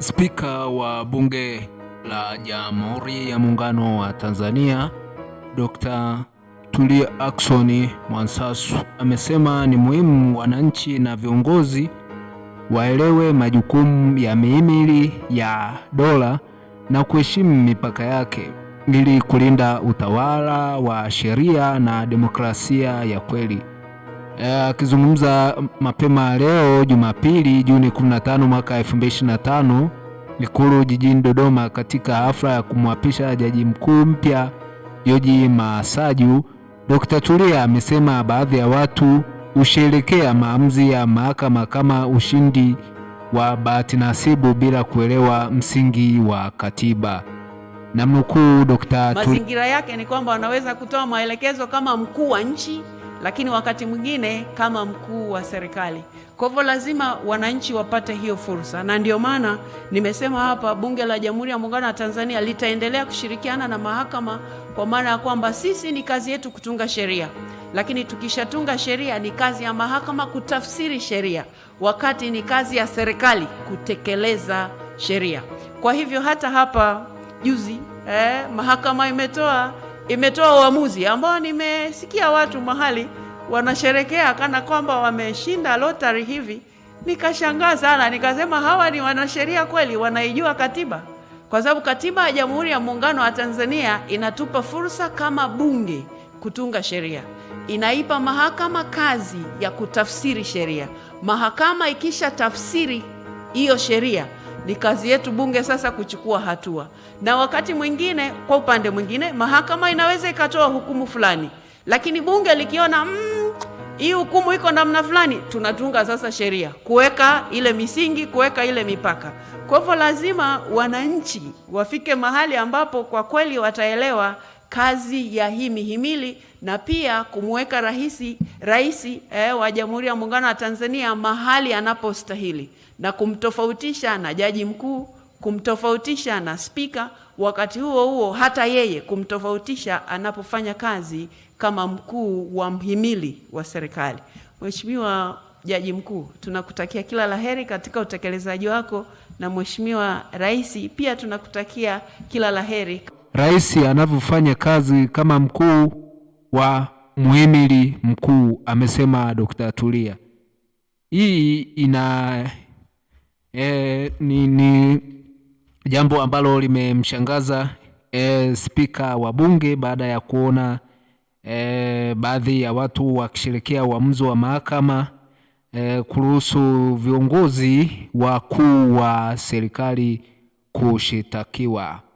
Spika wa Bunge la Jamhuri ya Muungano wa Tanzania Dr. Tulia Ackson Mwansasu amesema ni muhimu wananchi na viongozi waelewe majukumu ya mihimili ya dola na kuheshimu mipaka yake ili kulinda utawala wa sheria na demokrasia ya kweli. Eh, akizungumza uh, mapema leo Jumapili Juni 15 mwaka 2025 Ikulu jijini Dodoma katika hafla ya kumwapisha jaji mkuu mpya Joji Masaju, Dkt. Tulia amesema baadhi ya watu husherekea maamuzi ya mahakama kama ushindi wa bahati nasibu bila kuelewa msingi wa katiba. Namnukuu Dkt. Tulia, mazingira yake ni kwamba wanaweza kutoa maelekezo kama mkuu wa nchi lakini wakati mwingine kama mkuu wa serikali. Kwa hivyo lazima wananchi wapate hiyo fursa, na ndio maana nimesema hapa, Bunge la Jamhuri ya Muungano wa Tanzania litaendelea kushirikiana na mahakama, kwa maana ya kwamba sisi ni kazi yetu kutunga sheria, lakini tukishatunga sheria ni kazi ya mahakama kutafsiri sheria, wakati ni kazi ya serikali kutekeleza sheria. Kwa hivyo hata hapa juzi eh, mahakama imetoa imetoa uamuzi ambao nimesikia watu mahali wanasherekea kana kwamba wameshinda lotari hivi. Nikashangaa sana, nikasema hawa ni wanasheria kweli, wanaijua katiba? Kwa sababu katiba ya Jamhuri ya Muungano wa Tanzania inatupa fursa kama bunge kutunga sheria, inaipa mahakama kazi ya kutafsiri sheria. Mahakama ikisha tafsiri hiyo sheria ni kazi yetu bunge sasa kuchukua hatua, na wakati mwingine, kwa upande mwingine, mahakama inaweza ikatoa hukumu fulani, lakini bunge likiona mm, hii hukumu iko namna fulani, tunatunga sasa sheria kuweka ile misingi, kuweka ile mipaka. Kwa hivyo lazima wananchi wafike mahali ambapo kwa kweli wataelewa kazi ya hii mihimili na pia kumweka rahisi rais eh, wa Jamhuri ya Muungano wa Tanzania mahali anapostahili na kumtofautisha na jaji mkuu, kumtofautisha na spika, wakati huo huo hata yeye kumtofautisha anapofanya kazi kama mkuu wa mhimili wa serikali. Mheshimiwa Jaji Mkuu, tunakutakia kila laheri katika utekelezaji wako, na Mheshimiwa Rais pia tunakutakia kila laheri rais anavyofanya kazi kama mkuu wa muhimili mkuu, amesema Dr. Tulia. Hii ina e, ni, ni jambo ambalo limemshangaza e, spika wa bunge baada ya kuona e, baadhi ya watu wakisherekea uamuzi wa mahakama e, kuruhusu viongozi wakuu wa serikali kushitakiwa.